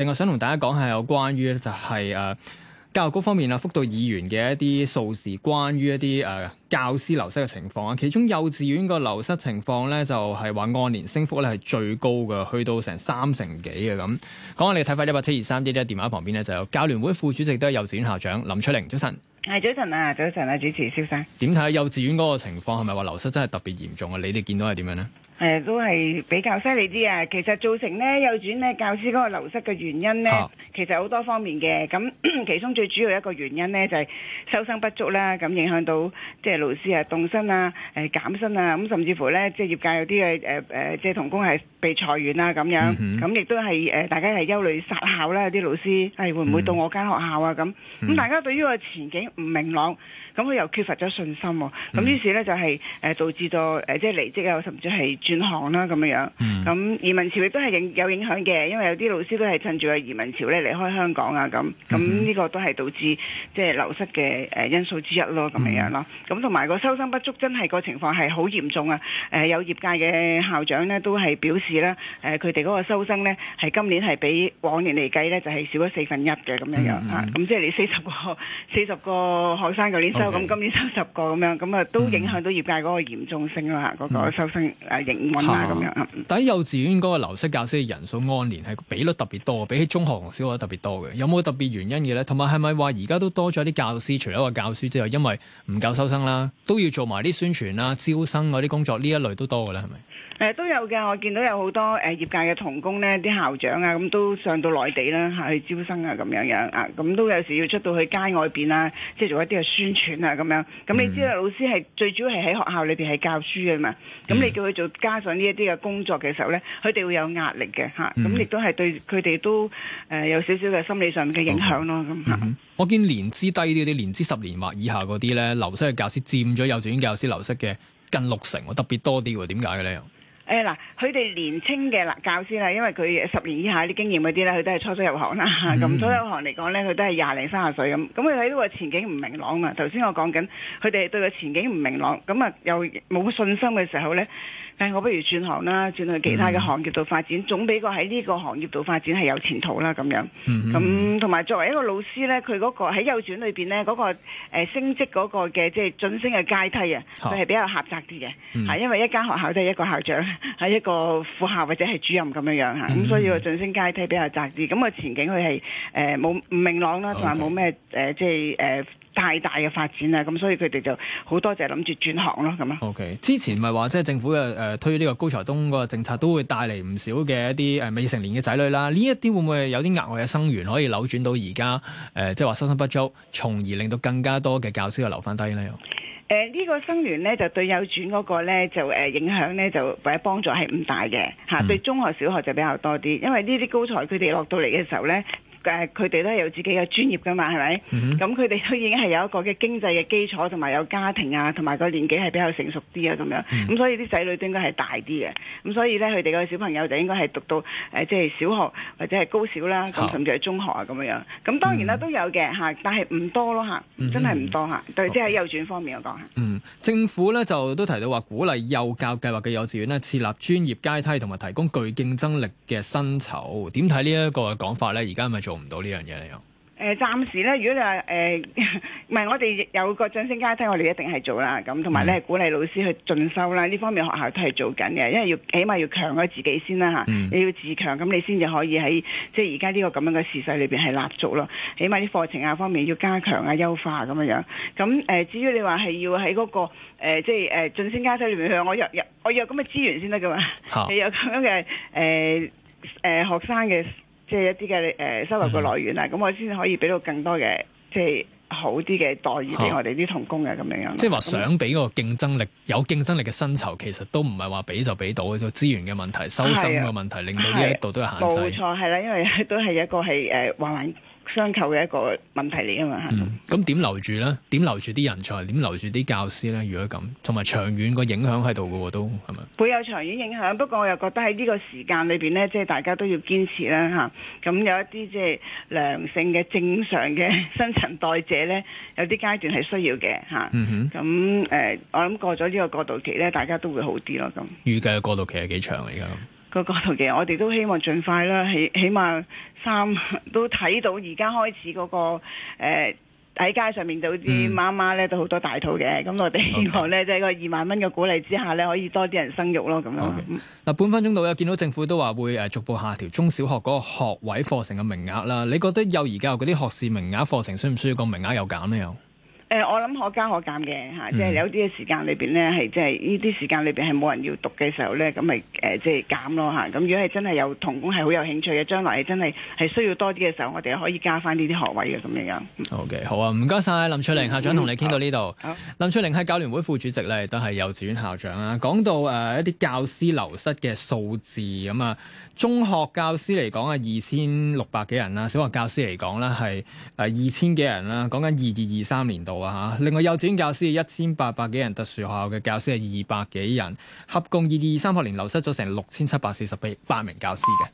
另外想同大家講係有關於咧就係、是、誒、呃、教育局方面啦，覆到議員嘅一啲數字關於一啲誒、呃、教師流失嘅情況啊。其中幼稚園個流失情況咧就係話按年升幅咧係最高嘅，去到成三成幾嘅。咁，講下你嘅睇法，一八七二三，一一電話旁邊咧就有教聯會副主席都係幼稚園校長林翠玲，早晨。係早晨啊，早晨啊，主持蕭生，點睇下幼稚園嗰個情況係咪話流失真係特別嚴重啊？你哋見到係點樣咧？誒，都係比較犀利啲啊！其實造成咧幼稚園咧教師嗰個流失嘅原因咧，其實好多方面嘅。咁其中最主要一個原因咧就係收生不足啦，咁影響到即係老師啊凍薪啊，誒減薪啊，咁甚至乎咧即係業界有啲嘅誒誒，即係同工係被裁員啊咁樣。咁亦都係誒，大家係憂慮殺校啦，啲老師係會唔會到我間學校啊？咁咁大家對於個前景？唔明朗，咁佢又缺乏咗信心，咁、嗯、於是咧就係誒導致咗誒即係離職啊，甚至係轉行啦咁樣樣。咁、嗯、移民潮亦都係影有影響嘅，因為有啲老師都係趁住個移民潮咧離開香港啊咁，咁呢個都係導致即係流失嘅誒因素之一咯咁樣樣咯。咁同埋個收生不足真係個情況係好嚴重啊！誒有業界嘅校長咧都係表示咧，誒佢哋嗰個收生咧係今年係比往年嚟計咧就係少咗四分一嘅咁樣樣啊！咁、嗯嗯、即係你四十個四十個，個學生嗰啲收咁，Okay. 今年收十個咁樣，咁啊都影響到業界嗰個嚴重性啦，嗰個、嗯、收生誒營運啊咁樣。但喺幼稚園嗰個流失教師嘅人數按年係比率特別多，比起中學同小學特別多嘅，有冇特別原因嘅咧？同埋係咪話而家都多咗啲教師，除咗個教師之外，因為唔夠收生啦，都要做埋啲宣傳啦、招生嗰啲工作呢一類都多嘅咧，係咪？誒都有嘅。我見到有好多誒、呃、業界嘅同工咧，啲校長啊，咁都上到內地啦，嚇去招生啊，咁樣樣啊，咁都有時要出到去街外邊啦、啊，即係做一啲嘅宣傳啊，咁樣，咁你知道老師係、嗯、最主要係喺學校裏邊係教書嘅嘛，咁、嗯、你叫佢做加上呢一啲嘅工作嘅時候咧，佢哋會有壓力嘅嚇，咁、啊、亦、嗯、都係對佢哋都誒有少少嘅心理上嘅影響咯。咁我見年資低啲，年資十年或以下嗰啲咧，流失嘅教師佔咗幼稚園教師流失嘅近六成喎，特別多啲喎，點解嘅咧？誒嗱，佢哋、哎、年青嘅嗱教師啦，因為佢十年以下啲經驗嗰啲咧，佢都係初出入行啦，咁初、嗯、 入行嚟講咧，佢都係廿零三十歲咁，咁佢喺呢個前景唔明朗啊！頭先我講緊，佢哋對個前景唔明朗，咁啊又冇信心嘅時候咧。但我不如轉行啦，轉去其他嘅行業度發展，嗯、總比過喺呢個行業度發展係有前途啦咁樣。咁同埋作為一個老師呢，佢嗰個喺優選裏邊呢，嗰、嗰個升職嗰個嘅即係晉升嘅階梯啊，佢係、哦、比較狹窄啲嘅。係、嗯、因為一間學校都係一個校長，係一個副校或者係主任咁樣樣嚇，咁、啊、所以個晉升階梯比較窄啲。咁啊前景佢係誒冇唔明朗啦，同埋冇咩誒即係誒太大嘅發展啊。咁、嗯、所以佢哋就好多就係諗住轉行咯咁啊。O K，之前咪話即係政府嘅推呢個高才通個政策都會帶嚟唔少嘅一啲誒未成年嘅仔女啦，呢一啲會唔會有啲額外嘅生源可以扭轉到而家誒，即係話收生不足，從而令到更加多嘅教師又留翻低呢？又呢、呃呢個生源呢，就對右轉嗰個咧就誒、呃、影響呢，就或者幫助係唔大嘅嚇，嗯、對中學小學就比較多啲，因為呢啲高才佢哋落到嚟嘅時候呢。誒佢哋都係有自己嘅專業㗎嘛，係咪？咁佢哋都已經係有一個嘅經濟嘅基礎，同埋有家庭啊，同埋個年紀係比較成熟啲啊，咁樣。咁、mm hmm. 嗯、所以啲仔女應該係大啲嘅。咁所以咧，佢哋個小朋友就應該係讀到誒、呃，即係小學或者係高小啦，咁甚至係中學啊，咁樣。咁當然啦，都有嘅嚇，mm hmm. 但係唔多咯嚇，真係唔多嚇。Mm hmm. 對，即係喺幼兒園方面我講嚇。Mm hmm. 政府咧就都提到話鼓勵幼教計劃嘅幼稚園咧設立專業階梯同埋提供具競爭力嘅薪酬，點睇呢一個嘅講法咧？而家係咪做唔到呢樣嘢咧？誒暫時咧，如果你話誒唔係，我哋有個晉升階梯，我哋一定係做啦。咁同埋咧，鼓勵老師去進修啦。呢方面學校都係做緊嘅，因為要起碼要強佢自己先啦嚇。你、嗯、要自強，咁你先至可以喺即係而家呢個咁樣嘅時勢裏邊係立足咯。起碼啲課程啊方面要加強啊、優化咁樣樣。咁誒、呃，至於你話係要喺嗰、那個、呃、即係誒晉升階梯裏邊去，我，我有我有咁嘅資源先得噶嘛。你好 有咁樣嘅誒誒學生嘅。即係一啲嘅誒收入嘅來源啦，咁、嗯、我先可以俾到更多嘅即係好啲嘅待遇俾我哋啲同工嘅咁好樣樣。即係話想俾嗰個競爭力、有競爭力嘅薪酬，其實都唔係話俾就俾到嘅，就資源嘅問題、收生嘅問題，的令到呢一度都係限制。冇錯，係啦，因為都係一個係誒環相扣嘅一個問題嚟啊嘛，吓咁點留住呢？點留住啲人才？點留住啲教師呢？如果咁，同埋長遠個影響喺度嘅喎，都係咪？會有長遠影響，不過我又覺得喺呢個時間裏邊呢，即係大家都要堅持啦，吓咁，有一啲即係良性嘅、正常嘅新陳代謝呢，有啲階段係需要嘅，吓。嗯哼。咁誒，呃，我諗過咗呢個過渡期呢，大家都會好啲咯。咁預計嘅過渡期係幾長嚟噶？嗯嗰角度嘅，我哋都希望盡快啦，起起碼三都睇到而家開始嗰、嗰個喺、呃、街上面到啲媽媽咧都好多大肚嘅，咁、嗯、我哋希望咧即係個二萬蚊嘅鼓勵之下咧，可以多啲人生育咯咁樣。嗱 Okay.、嗯，半分鐘度有見到政府都話會誒逐步下調中小學嗰個學位課程嘅名額啦，你覺得幼兒教育嗰啲學士名額課程需唔需要，需要個名額又減呢？又？誒，我諗可加可減嘅嚇，即係有啲嘅時間裏邊咧，係即係呢啲時間裏邊係冇人要讀嘅時候咧，咁咪誒即係減咯嚇。咁如果係真係有同工係好有興趣嘅，將來真係係需要多啲嘅時候，我哋可以加翻呢啲學位嘅咁樣樣。好嘅，好啊，唔該晒。林翠玲校長同你傾到呢度。 林翠玲係教聯會副主席咧，亦都係幼稚園校長啊。講到誒一啲教師流失嘅數字咁啊，中學教師嚟講啊，二千六百幾人啦，小學教師嚟講啦，係誒二千幾人啦，講緊二二二三年度。另外幼稚園教師一千八百幾人，特殊學校嘅教師係二百幾人，合共二二三學年流失咗成六千七百四十八名教師嘅。